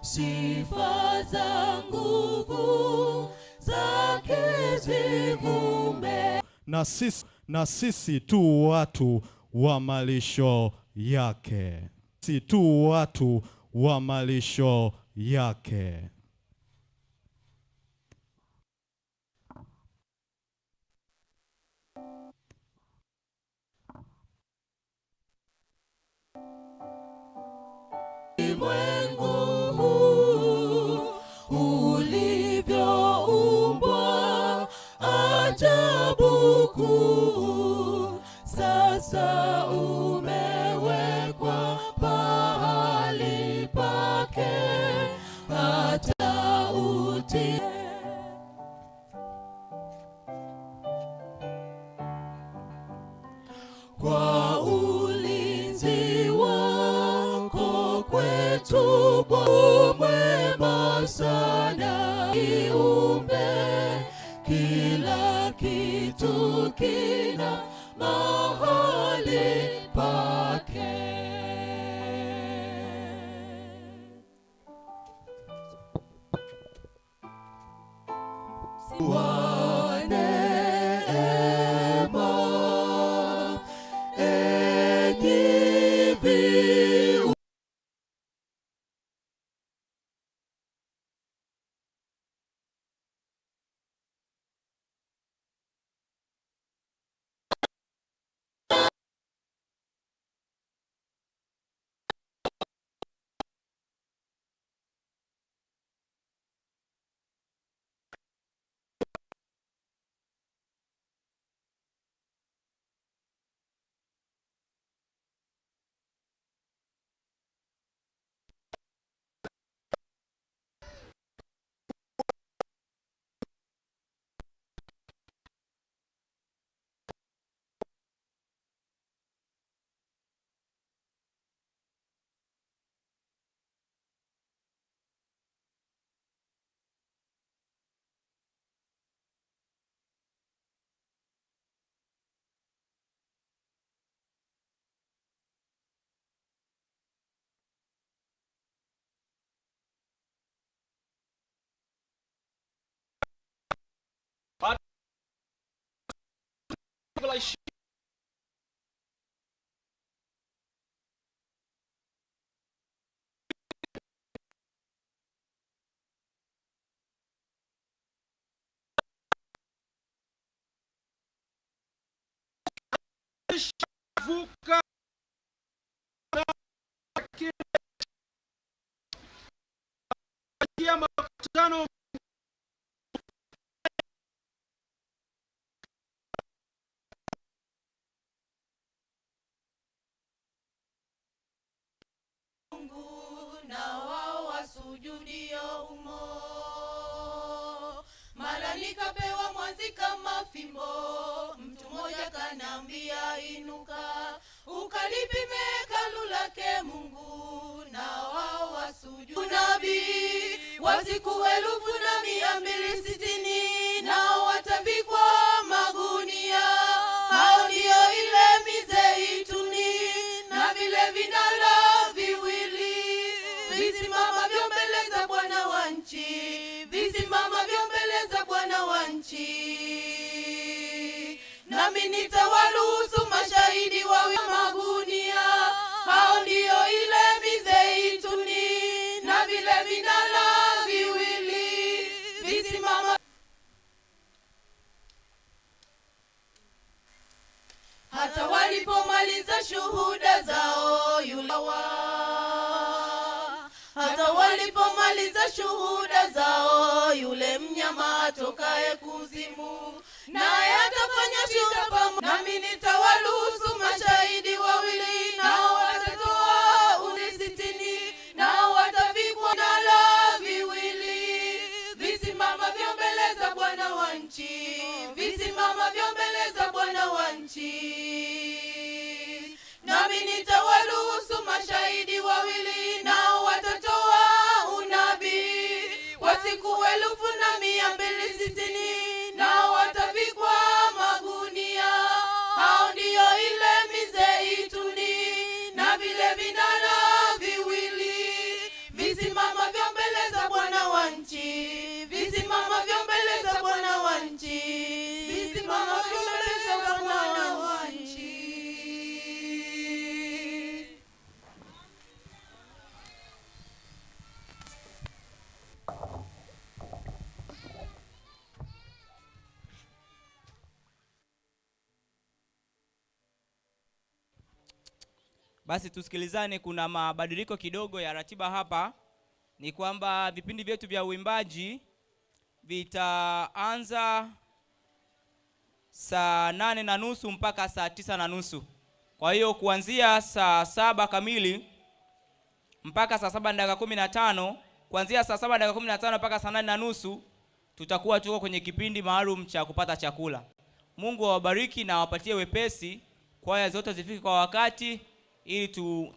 sifa za nguvu zake na sisi, na sisi tu watu wa malisho yake, si tu watu wa malisho yake. Mwe. kupitia kwa ulinzi wako kwetu kila kitu imeshavuka ya makutano na wao wasujudio humo, mara nikapewa mwanzi kama fimbo ananiambia inuka, ukalipime hekalu lake Mungu, na wao wasujudu. Nabii wa siku elfu na mia mbili sitini nami nitawaruhusu mashahidi wa magunia. Hao ndio ile mizeituni na vile vinara viwili visimama. Hata walipomaliza shuhuda zao yule hata walipomaliza shuhuda zao yule mnyama atokaye naye atafanya shida pamoja nami, nitawaruhusu mashahidi wawili, nao watatoa uni sitini, nao watavikwa vinara viwili. Visimama vya mbele za Bwana wa nchi, visimama vya mbele za Bwana wa nchi, nami nita Basi tusikilizane, kuna mabadiliko kidogo ya ratiba hapa. Ni kwamba vipindi vyetu vya uimbaji vitaanza saa nane na nusu mpaka saa tisa na nusu. Kwa hiyo kuanzia saa saba kamili mpaka saa saba na dakika kumi na tano kuanzia saa saba na dakika kumi na tano mpaka saa nane na nusu tutakuwa tuko kwenye kipindi maalum cha kupata chakula. Mungu awabariki na awapatie wepesi, kwaya zote zifike kwa wakati. ili tu, tu